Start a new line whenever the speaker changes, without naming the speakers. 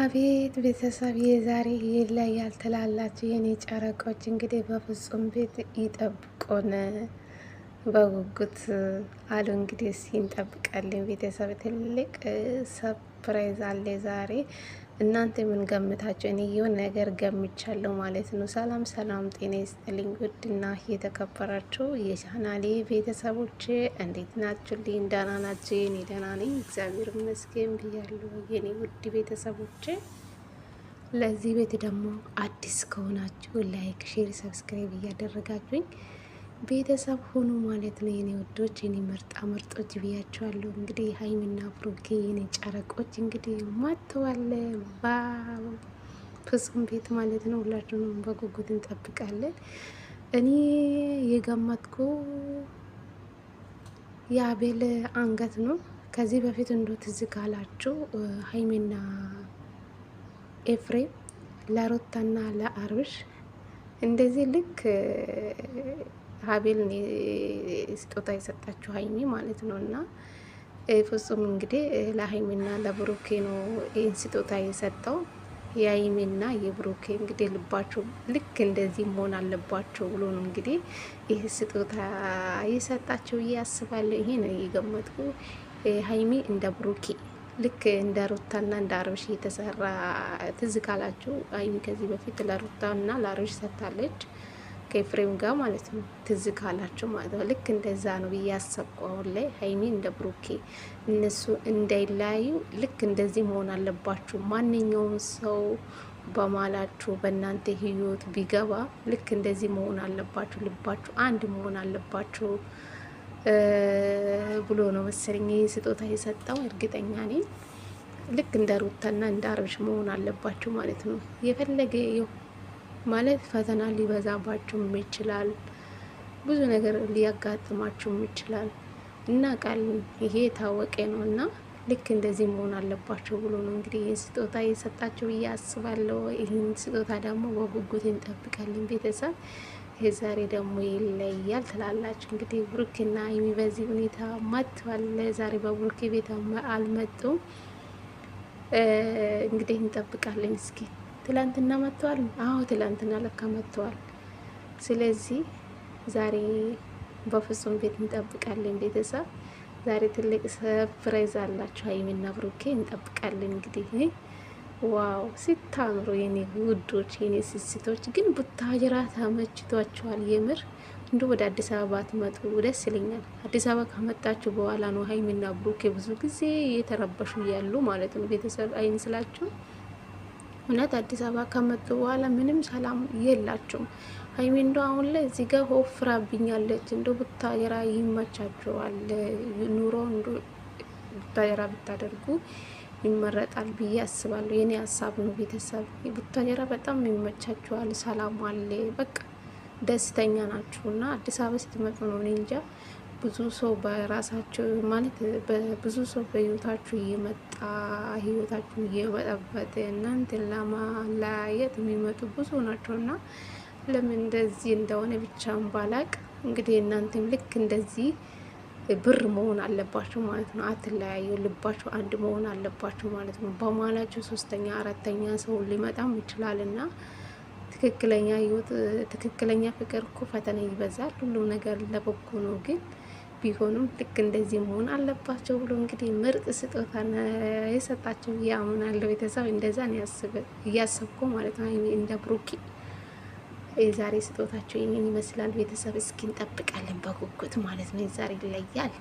አቤት ቤተሰብ የዛሬ ላይ ትላላችሁ? የኔ ጨረቆች እንግዲህ በፍጹም ቤት ይጠብቁን በጉጉት አሉ። እንግዲህ ሲንጠብቃልን ቤተሰብ ትልቅ ሰብ ሰርፕራይዝ አለ ዛሬ። እናንተ ምን ገምታችሁ? እኔ የሆነ ነገር ገምቻለሁ ማለት ነው። ሰላም ሰላም፣ ጤና ይስጥልኝ ውድና የተከበራችሁ የቻናሌ ቤተሰቦች እንዴት ናችሁልኝ? ደህና ናችሁ? እኔ ደህና ነኝ እግዚአብሔር ይመስገን ብያለሁ የኔ ውድ ቤተሰቦች። ለዚህ ቤት ደግሞ አዲስ ከሆናችሁ ላይክ፣ ሼር፣ ሰብስክራይብ እያደረጋችሁኝ ቤተሰብ ሆኖ ማለት ነው። የኔ ወዶች፣ የኔ ምርጣ ምርጦች ብያቸዋለሁ። እንግዲህ ሀይሚና ፍሩጌ የኔ ጨረቆች እንግዲህ ማተዋለ በፍጹም ቤት ማለት ነው። ሁላችሁንም በጉጉት እንጠብቃለን። እኔ የገመትኩ የአቤል አንገት ነው። ከዚህ በፊት እንዶ ትዝ ካላችሁ ሀይሜና ኤፍሬም ለሮታና ለአርብሽ እንደዚህ ልክ ሀቤል ስጦታ የሰጣችሁ ሀይሚ ማለት ነው እና ፍጹም እንግዲህ ለሀይሚና ለብሩኬ ነው ይህን ስጦታ የሰጠው። የሀይሚና የብሩኬ እንግዲህ ልባቸው ልክ እንደዚህ መሆን አለባቸው ብሎ ነው እንግዲህ ይህ ስጦታ የሰጣቸው እያስባለሁ። ይሄ ነው የገመጥኩ ሀይሚ እንደ ብሩኬ ልክ እንደ ሩታና እንደ አብርሽ የተሰራ ትዝ ካላችሁ ሀይሚ ከዚህ በፊት ለሩታና ለአብርሽ ሰጥታለች። ከኤፍሬም ጋር ማለት ነው ትዝ ካላቸው ማለት ነው። ልክ እንደዛ ነው ብዬ አሰብኩ። አሁን ላይ ሀይሚ እንደ ብሩኬ እነሱ እንዳይለያዩ ልክ እንደዚህ መሆን አለባችሁ። ማንኛውም ሰው በማላችሁ በእናንተ ህይወት ቢገባ ልክ እንደዚህ መሆን አለባችሁ፣ ልባችሁ አንድ መሆን አለባችሁ ብሎ ነው መሰለኝ ይህ ስጦታ የሰጠው እርግጠኛ ነኝ። ልክ እንደ ሩታና እንደ አብርሽ መሆን አለባችሁ ማለት ነው የፈለገ ማለት ፈተና ሊበዛባችሁም ይችላል። ብዙ ነገር ሊያጋጥማችሁም ይችላል እና ቃል ይሄ የታወቀ ነው እና ልክ እንደዚህ መሆን አለባቸው ብሎ ነው እንግዲህ ይህን ስጦታ እየሰጣቸው ብዬ አስባለሁ። ይህን ስጦታ ደግሞ በጉጉት እንጠብቃለን ቤተሰብ። ይህ ዛሬ ደግሞ ይለያል ትላላችሁ እንግዲህ ብሩክና ሀይሚ በዚህ ሁኔታ መጥቷል። ዛሬ በብሩክ ቤት አልመጡም። እንግዲህ እንጠብቃለን እስኪ ትላንትና መጥተዋል። አዎ ትላንትና ለካ መጥተዋል። ስለዚህ ዛሬ በፍጹም ቤት እንጠብቃለን። ቤተሰብ ዛሬ ትልቅ ሰርፕራይዝ አላችሁ ሀይሚና ብሩኬ እንጠብቃለን። እንግዲህ ዋው ሲታምሩ የኔ ውዶች፣ የኔ ስስቶች ግን ቡታጅራ ተመችቷቸዋል። የምር እንዱ ወደ አዲስ አበባ ትመጡ ደስ ይለኛል። አዲስ አበባ ከመጣችሁ በኋላ ነው ሀይሚና ብሩኬ ብዙ ጊዜ የተረበሹ ያሉ ማለት ነው። ቤተሰብ አይን ስላችሁ እውነት አዲስ አበባ ከመጡ በኋላ ምንም ሰላም የላቸውም። ሀይሚ አሁን ላይ እዚህ ጋር ሆፍራብኛለች። እንደ ቡታየራ ይመቻቸዋል። ኑሮ እንዶ ቡታየራ ብታደርጉ ይመረጣል ብዬ አስባለሁ። የኔ ሀሳብ ነው። ቤተሰብ ቡታጀራ በጣም ይመቻቸዋል፣ ሰላም አለ፣ በቃ ደስተኛ ናችሁ። እና አዲስ አበባ ስትመጡ ነው እኔ እንጃ ብዙ ሰው በራሳቸው ማለት ብዙ ሰው በህይወታችሁ እየመጣ ህይወታችሁ እየበጠበጠ እናንተን ለማለያየት የሚመጡ ብዙ ናቸው እና ለምን እንደዚህ እንደሆነ ብቻም ባላቅ እንግዲህ እናንተም ልክ እንደዚህ ብር መሆን አለባቸው ማለት ነው። አትለያዩ፣ ልባቸው አንድ መሆን አለባቸው ማለት ነው። በማላቸው ሶስተኛ አራተኛ ሰው ሊመጣም ይችላል እና ትክክለኛ ህይወት፣ ትክክለኛ ፍቅር እኮ ፈተና ይበዛል። ሁሉም ነገር ለበጎ ነው ግን ቢሆኑም ልክ እንደዚህ መሆን አለባቸው ብሎ እንግዲህ ምርጥ ስጦታ የሰጣቸው የአምናለው ቤተሰብ እንደዛ እያሰብኩ ማለት ነው። እንደ ብሩኪ የዛሬ ስጦታቸው ይህን ይመስላል ቤተሰብ። እስኪ እንጠብቃለን በጉጉት ማለት ነው። የዛሬ ይለያል።